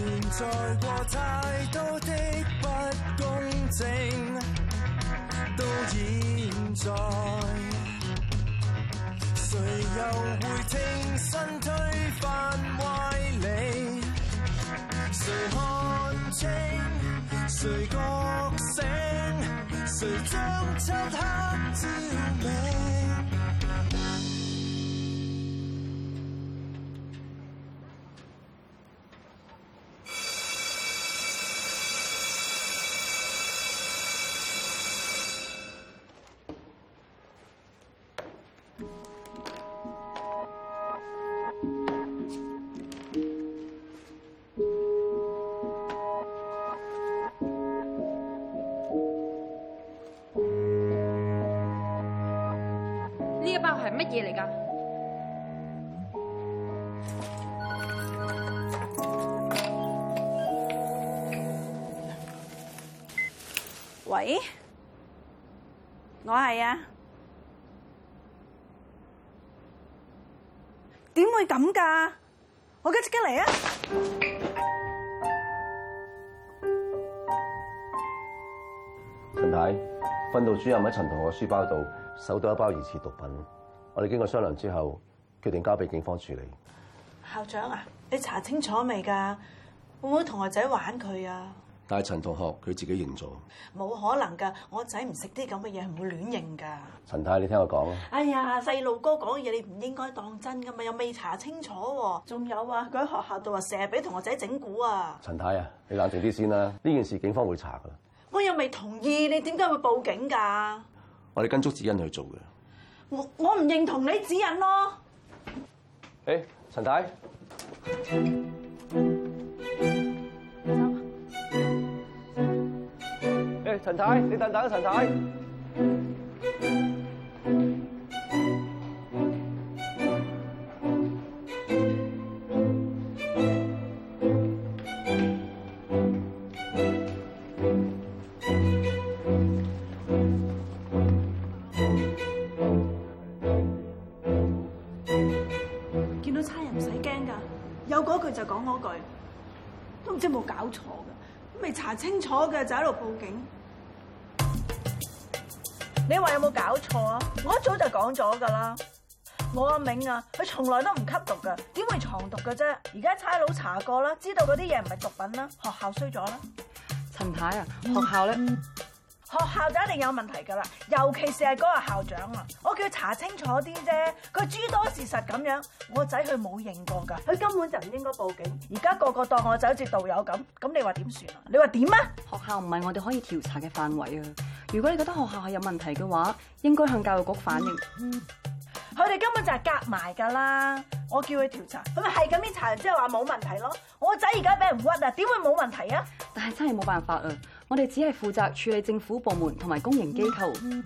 存在過太多的不公正，到現在，誰又會挺身推翻歪理？誰看清？誰覺醒？誰將漆黑照明？乜嘢嚟噶？喂，我係啊？點會咁噶？我而家即刻嚟啊！陳太，訓導主任喺陳同學書包度搜到一包疑似毒品。我哋經過商量之後，決定交俾警方處理。校長啊，你查清楚未噶？會唔會同學仔玩佢啊？但係陳同學佢自己認咗。冇可能噶，我仔唔食啲咁嘅嘢，唔會亂認噶。陳太，你聽我講啊！哎呀，細路哥講嘅嘢你唔應該當真噶嘛，又未查清楚。仲有啊，佢喺學校度啊，成日俾同學仔整蠱啊！陳太啊，你冷靜啲先啦。呢件事警方會查噶。我又未同意，你點解會報警噶？我哋跟足指引去做嘅。我我唔認同你指引咯。誒，陳太。誒、啊，陳太，你等等啊，陳太。查清楚嘅就喺度報警，你話有冇搞錯啊？我一早就講咗噶啦，我阿明啊，佢從來都唔吸毒噶，點會藏毒嘅啫？而家差佬查過啦，知道嗰啲嘢唔係毒品啦，學校衰咗啦，陳太啊，學校咧。嗯學校就一定有問題噶啦，尤其是係嗰個校長啊，我叫佢查清楚啲啫，佢諸多事實咁樣，我仔佢冇認過噶，佢根本就唔應該報警，而家個個當我就好似道友咁，咁你話點算啊？你話點啊？學校唔係我哋可以調查嘅範圍啊，如果你覺得學校係有問題嘅話，應該向教育局反映。嗯，佢哋根本就係夾埋噶啦，我叫佢調查，佢咪係咁樣查完之後話冇問題咯，我仔而家俾人屈啊，點會冇問題啊？但係真係冇辦法啊。我哋只係負責處理政府部門同埋公營機構，嗯，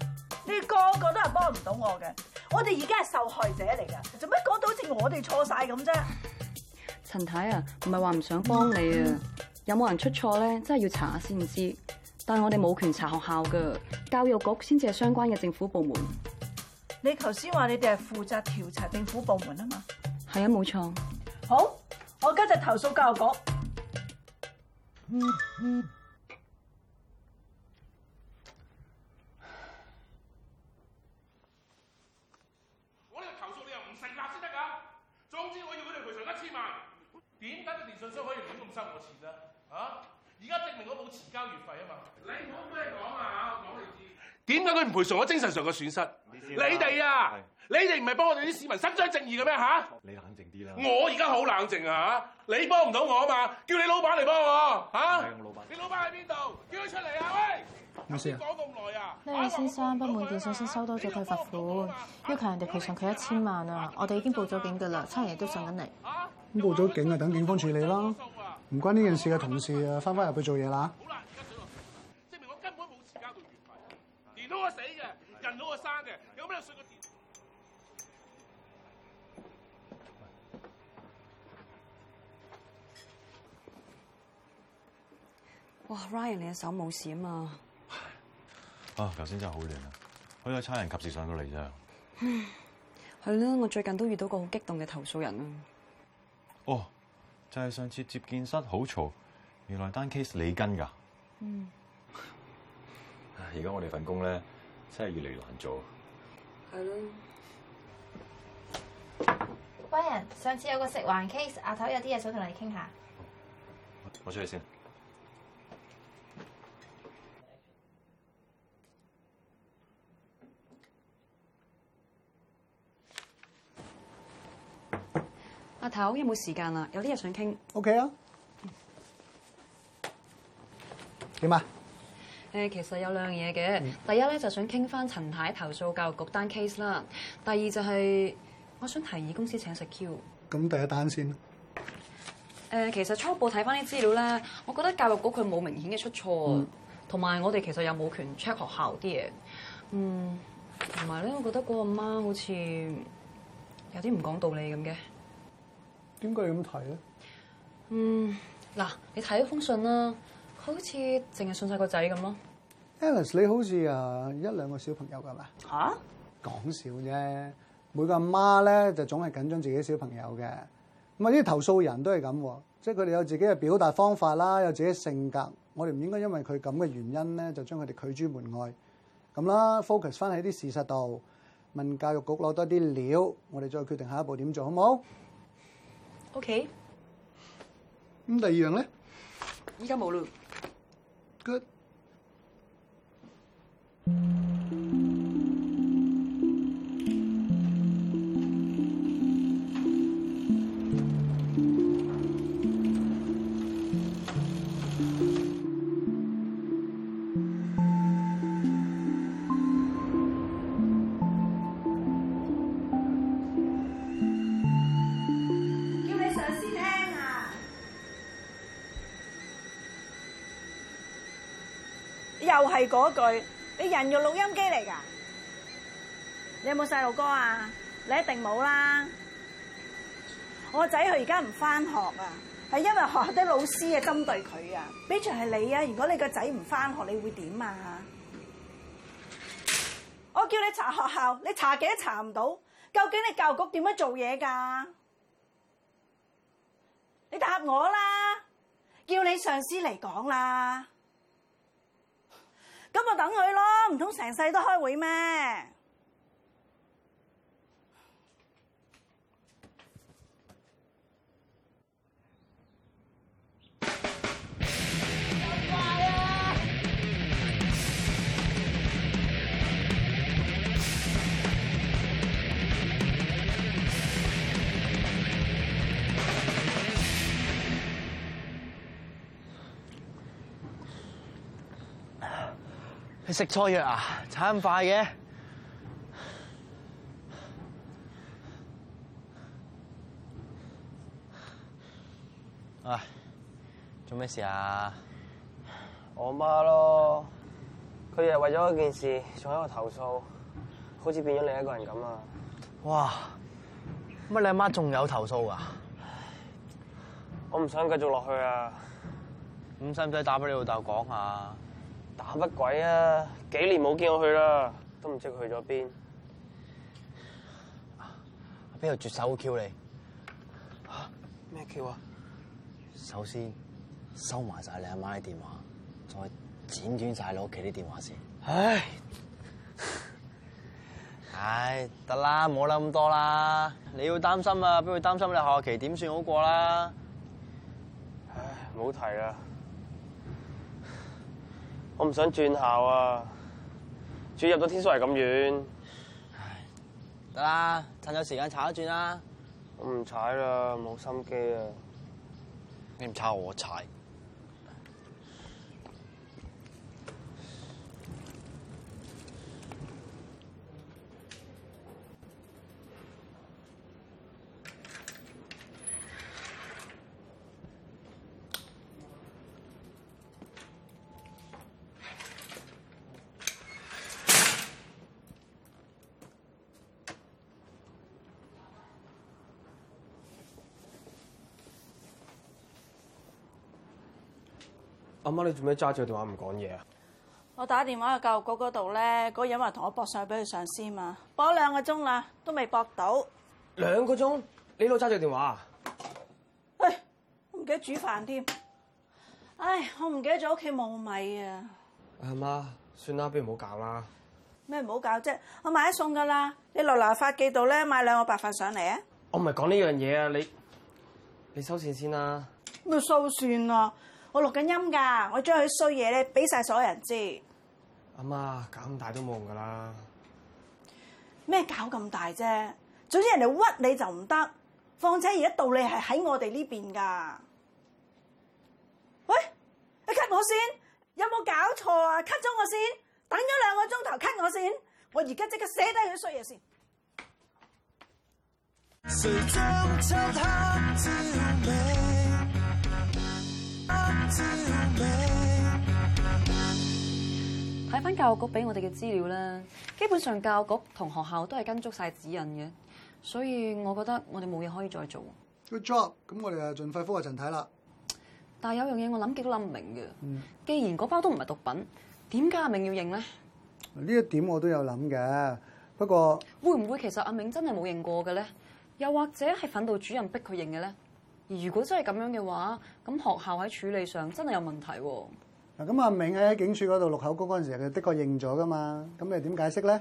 你個個都係幫唔到我嘅。我哋而家係受害者嚟㗎，做乜講到好似我哋錯晒咁啫？陳太啊，唔係話唔想幫你啊，有冇人出錯咧？真係要查下先知，但係我哋冇權查學校噶，教育局先至係相關嘅政府部門。你頭先話你哋係負責調查政府部門啊嘛？係啊，冇錯。好，我而家投訴教育局，嗯。嗯交月費啊嘛，你唔好咩講啊吓，我講你知。點解佢唔賠償我精神上嘅損失？你哋啊，你哋唔係幫我哋啲市民伸張正義嘅咩吓？你冷靜啲啦。我而家好冷靜啊吓，你幫唔到我啊嘛，叫你老闆嚟幫我吓。係啊，我老闆。你老闆喺邊度？叫佢出嚟啊！喂，咩事啊？講咁耐啊！呢位先生不滿電信先收多咗佢罰款，要求人哋賠償佢一千萬啊！我哋已經報咗警噶啦，差人都上緊嚟。咁報咗警啊，等警方處理啦。唔關呢件事嘅同事啊，翻翻入去做嘢啦。哇，Ryan，你隻手冇事啊嘛？啊，頭先真係好亂啊，好在差人及時上到嚟啫。嗯，係咯，我最近都遇到個好激動嘅投訴人啊。哦，就係上次接見室好嘈，原來單 case 你跟㗎。嗯。唉，而家我哋份工咧，真係越嚟越難做。係咯。Ryan，上次有個食環 case，阿頭有啲嘢想同你傾下。我，我出去先。頭有冇時間啊？有啲嘢想傾。O K 啊。點啊？誒，其實有兩樣嘢嘅。第一咧就想傾翻陳太投訴教育局單 case 啦。第二就係、是、我想提議公司請食 Q。咁第一單先。誒、呃，其實初步睇翻啲資料咧，我覺得教育局佢冇明顯嘅出錯，同、嗯、埋我哋其實有冇權 check 學校啲嘢。嗯。同埋咧，我覺得個阿媽好似有啲唔講道理咁嘅。點解要咁睇咧？嗯，嗱，你睇封信啦，佢好似淨係信晒個仔咁咯。Alice 你好似啊一兩個小朋友噶嘛？嚇、啊！講笑啫，每個阿媽咧就總係緊張自己的小朋友嘅。咁啊，啲投訴人都係咁，即係佢哋有自己嘅表達方法啦，有自己嘅性格。我哋唔應該因為佢咁嘅原因咧，就將佢哋拒諸門外。咁啦，focus 翻喺啲事實度，問教育局攞多啲料，我哋再決定下一步點做好唔好。OK，咁第二樣咧，依家冇啦。Good。係嗰句，你人用錄音機嚟噶？你有冇細路哥啊？你一定冇啦！我仔佢而家唔翻學啊，係因為學校啲老師啊針對佢啊。比住係你啊！如果你個仔唔翻學，你會點啊？我叫你查學校，你查幾多查唔到？究竟你教育局點樣做嘢噶？你答我啦！叫你上司嚟講啦！咁就等佢咯，唔通成世都開會咩？食錯藥啊！咁快嘅，喂，做咩事啊？我媽咯，佢又為咗一件事，仲喺度投訴，好似變咗另一個人咁啊！哇，乜你阿媽仲有投訴啊？我唔想繼續落去啊！咁使唔使打畀你老豆講下？打乜鬼啊！幾年冇見我去啦，都唔知佢去咗邊。邊、啊、度絕手 Q 你？吓咩 Q 啊？首先收埋晒你阿媽嘅電話，再剪斷晒你屋企啲電話先。唉，唉得啦，冇諗咁多啦。你要擔心啊，邊會擔心你下學期點算好過啦？唉，冇提啦。我唔想轉校啊！仲要入到天水圍咁遠，得啦，趁有時間踩一轉啦。我唔踩啦，冇心機啊。你唔踩我踩。阿媽，你做咩揸住個電話唔講嘢啊？我打電話去教育局嗰度咧，嗰人話同我搏上去俾佢上司啊嘛，搏咗兩個鐘啦，都未搏到。兩個鐘？你老揸住個電話啊？唉，我唔記得煮飯添。唉，我唔記得咗屋企冇米啊。阿媽，算啦，不如唔好搞啦。咩唔好搞啫？我買咗餸㗎啦，你落樓發記度咧，買兩個白飯上嚟啊。我唔係講呢樣嘢啊，你你收線先啦。咩收線啊？我錄緊音噶，我將佢衰嘢咧，俾晒所有人知。阿媽，搞咁大都冇用噶啦。咩搞咁大啫？總之人哋屈你就唔得，況且而家道理係喺我哋呢邊噶。喂，你 cut 我先，有冇搞錯啊？cut 咗我先，等咗兩個鐘頭 cut 我先，我而家即刻寫低佢衰嘢先。翻教育局俾我哋嘅資料咧，基本上教育局同學校都係跟足晒指引嘅，所以我覺得我哋冇嘢可以再做。Good job，咁我哋啊盡快覆下陳太啦。但係有樣嘢我諗極都諗唔明嘅、嗯，既然嗰包都唔係毒品，點解阿明要認咧？呢一點我都有諗嘅，不過會唔會其實阿明真係冇認過嘅咧？又或者係訓導主任逼佢認嘅咧？而如果真係咁樣嘅話，咁學校喺處理上真係有問題喎、啊。嗱咁阿明喺警署嗰度錄口供嗰陣時候，佢的確認咗噶嘛？咁你點解釋咧？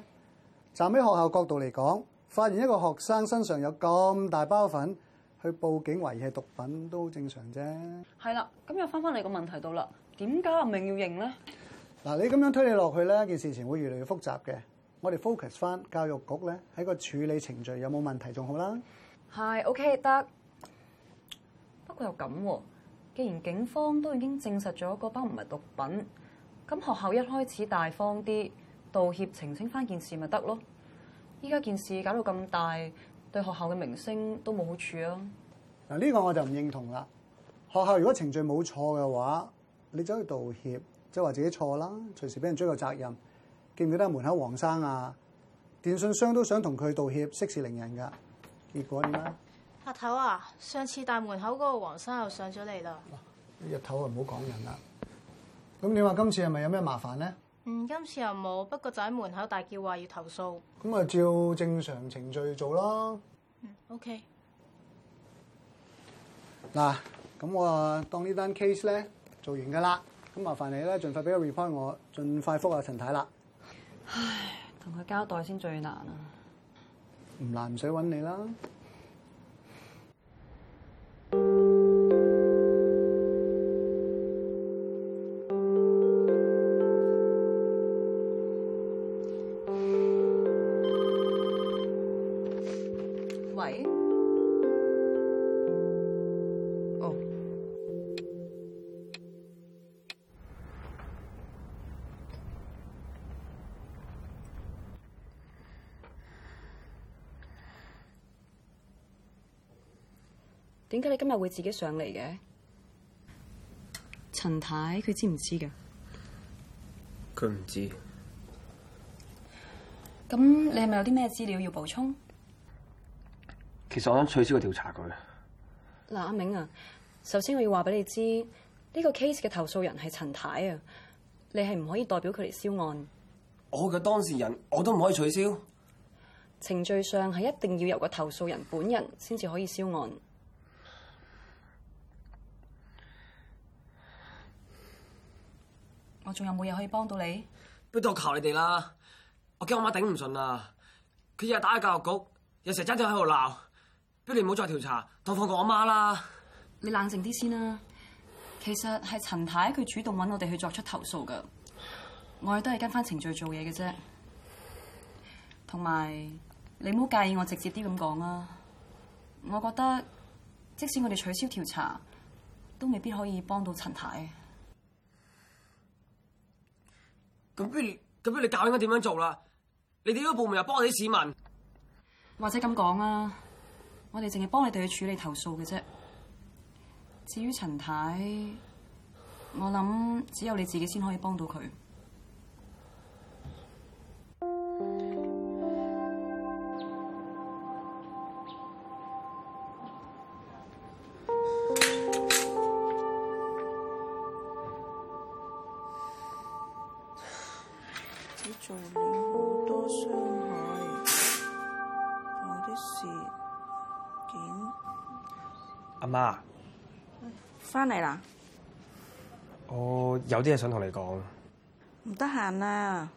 站喺學校角度嚟講，發現一個學生身上有咁大包粉，去報警懷疑係毒品都正常啫。係啦，咁又翻翻嚟個問題度啦，點解阿明要認咧？嗱、啊，你咁樣推理落去咧，件事情會越嚟越複雜嘅。我哋 focus 翻教育局咧，喺個處理程序有冇問題仲好啦。係，OK 得，不過又咁喎、啊。既然警方都已經證實咗嗰包唔係毒品，咁學校一開始大方啲道歉澄清翻件事咪得咯？依家件事搞到咁大，對學校嘅名聲都冇好處啊！嗱，呢個我就唔認同啦。學校如果程序冇錯嘅話，你走去道歉，即係話自己錯啦，隨時俾人追究責任。記唔記得門口黃生啊？電信商都想同佢道歉，息事寧人噶，結果點啊？阿頭啊，上次大門口嗰個黃生又上咗嚟。啦日頭啊，唔好講人啦。咁你話今次係咪有咩麻煩咧？嗯，今次又冇，不過就喺門口大叫話要投訴。咁啊，照正常程序做啦。嗯，OK。嗱，咁我啊，我當這呢單 case 咧做完噶啦。咁麻煩你咧，盡快俾個 report 我，盡快覆下陳太啦。唉，同佢交代先最難啊。唔難，唔使揾你啦。點解你今日會自己上嚟嘅？陳太佢知唔知㗎？佢唔知。咁你係咪有啲咩資料要補充？其實我想取消個調查佢。嗱、啊，阿明啊，首先我要話俾你知，呢、這個 case 嘅投訴人係陳太啊，你係唔可以代表佢嚟銷案。我嘅當事人我都唔可以取消。程序上係一定要由個投訴人本人先至可以銷案。我仲有冇嘢可以幫到你？不如求你哋啦，我驚我媽頂唔順啊！佢日日打喺教育局，有時真係喺度鬧。不如你唔好再調查，同放過我媽啦。你冷靜啲先啦。其實係陳太佢主動揾我哋去作出投訴噶，我哋都係跟翻程序做嘢嘅啫。同埋你唔好介意我直接啲咁講啊！我覺得即使我哋取消調查，都未必可以幫到陳太太。咁不如，咁不如你教應該點樣做啦？你哋呢個部門又幫你啲市民，或者咁講啦，我哋淨係幫你哋去處理投訴嘅啫。至於陳太，我諗只有你自己先可以幫到佢。翻嚟啦！我有啲嘢想同你講，唔得閒啊！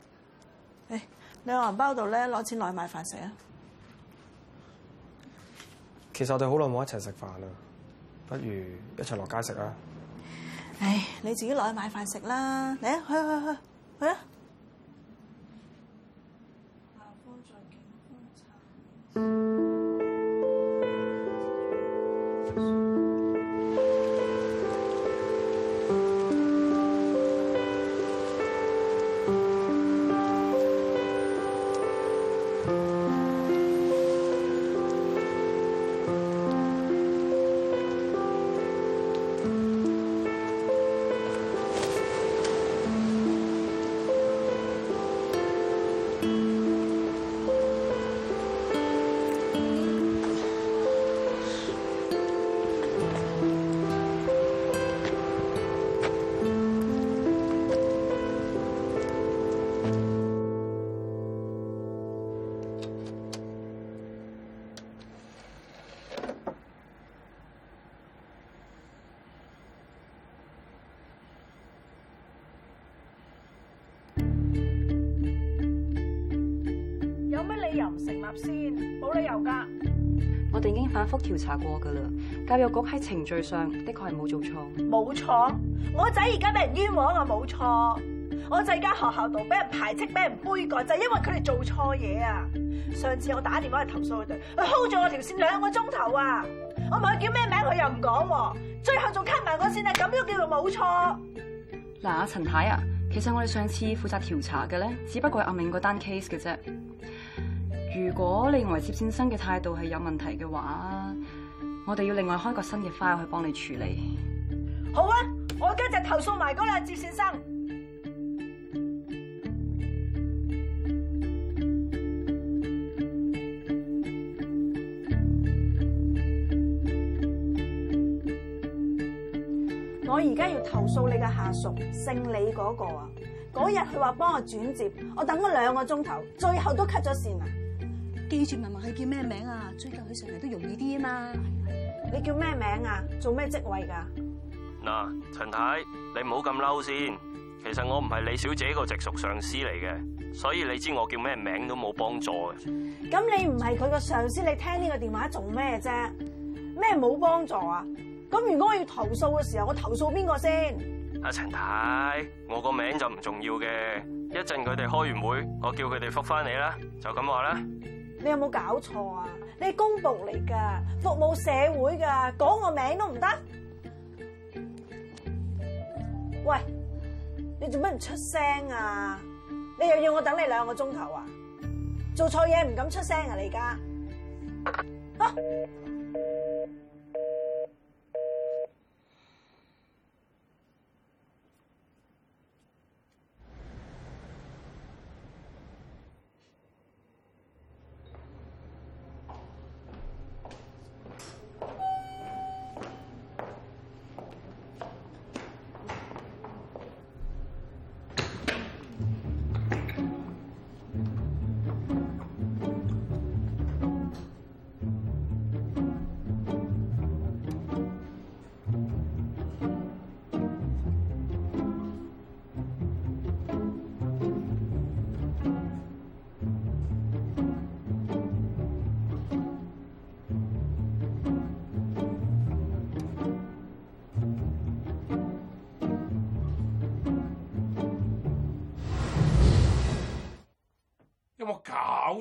哎，你錢包度呢，攞錢落去買飯食啊！其實我哋好耐冇一齊食飯啦，不如一齊落街食啊！唉、哎，你自己落去買飯食啦，嚟啊，去去去，去啊！去復調查過噶啦，教育局喺程序上的確係冇做錯，冇錯。我仔而家俾人冤枉啊，冇錯。我就喺間學校度俾人排斥，俾人杯葛，就係因為佢哋做錯嘢啊。上次我打電話去投訴佢哋，佢 hold 咗我條線兩個鐘頭啊，我問佢叫咩名，佢又唔講。最後仲 cut 埋我線啊，咁都叫做冇錯？嗱，阿陳太啊，其實我哋上次負責調查嘅咧，只不過係阿銘嗰單 case 嘅啫。如果你認為接線生嘅態度係有問題嘅話，我哋要另外開個新嘅 file 去幫你處理好啊。好啊，我而家就投訴埋嗰個接線生。我而家要投訴你嘅下屬姓李嗰個啊！嗰日佢話幫我轉接，我等咗兩個鐘頭，最後都 cut 咗線啊！記住問問佢叫咩名啊，追究起上嚟，都容易啲啊嘛。你叫咩名啊？做咩職位噶？嗱、呃，陳太，你唔好咁嬲先。其實我唔係李小姐個直屬上司嚟嘅，所以你知我叫咩名都冇幫助嘅。咁你唔係佢個上司，你聽呢個電話做咩啫？咩冇幫助啊？咁如果我要投訴嘅時候，我投訴邊個先？阿、呃、陳太，我個名就唔重要嘅。一陣佢哋開完會，我叫佢哋覆翻你啦。就咁話啦。你有冇搞錯啊？你係公僕嚟噶，服務社會噶，講我名都唔得。喂，你做乜唔出聲啊？你又要我等你兩個鐘頭啊？做錯嘢唔敢出聲啊？你而家？啊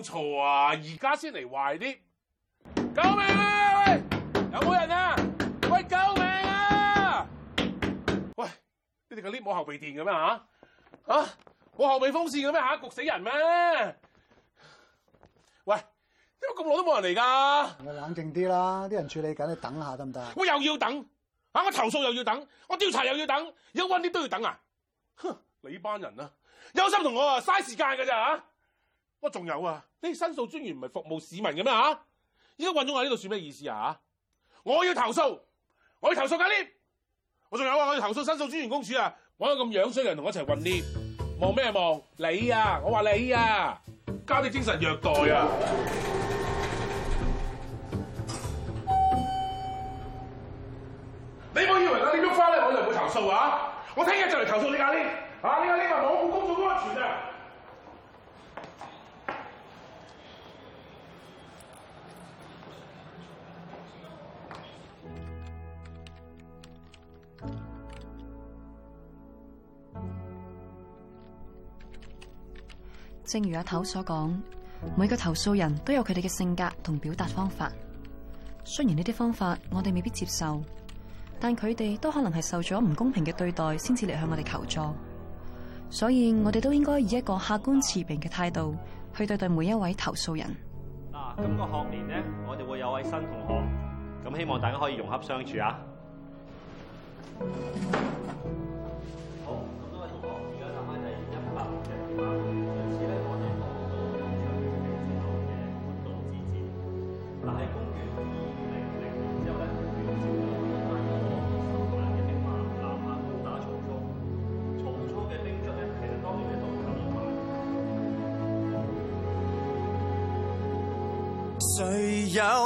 嘈啊！而家先嚟壞啲，救命啊！喂，有冇人啊？喂，救命啊！喂，你哋個 lift 冇後備電嘅咩吓？吓、啊，冇後備風扇嘅咩吓？焗死人咩？喂，麼這麼點解咁耐都冇人嚟噶？你冷靜啲啦，啲人處理緊，你等下得唔得？我又要等啊！我投訴又要等，我調查又要等，要搵啲都要等啊！哼，你班人啊，有心同我啊，嘥時間㗎咋吓？我仲有啊！啲申訴專員唔係服務市民嘅咩嚇？依、啊、家混咗我喺呢度算咩意思啊？我要投訴，我要投訴家聰、啊，我仲有啊！我要投訴申訴專員公署啊！揾到咁樣衰人同我一齊混捏，望咩望？你啊！我話你啊！家啲精神虐待啊，啊！你唔好以為我點喐翻咧我就唔會投訴啊！我聽日就嚟投訴你家聰啊！你家聰啊！罔顧工作安全啊！正如阿頭所講，每個投訴人都有佢哋嘅性格同表達方法。雖然呢啲方法我哋未必接受，但佢哋都可能係受咗唔公平嘅對待，先至嚟向我哋求助。所以我哋都應該以一個客觀持平嘅態度去對待每一位投訴人。嗱，今個學年呢，我哋會有位新同學，咁希望大家可以融合相處啊！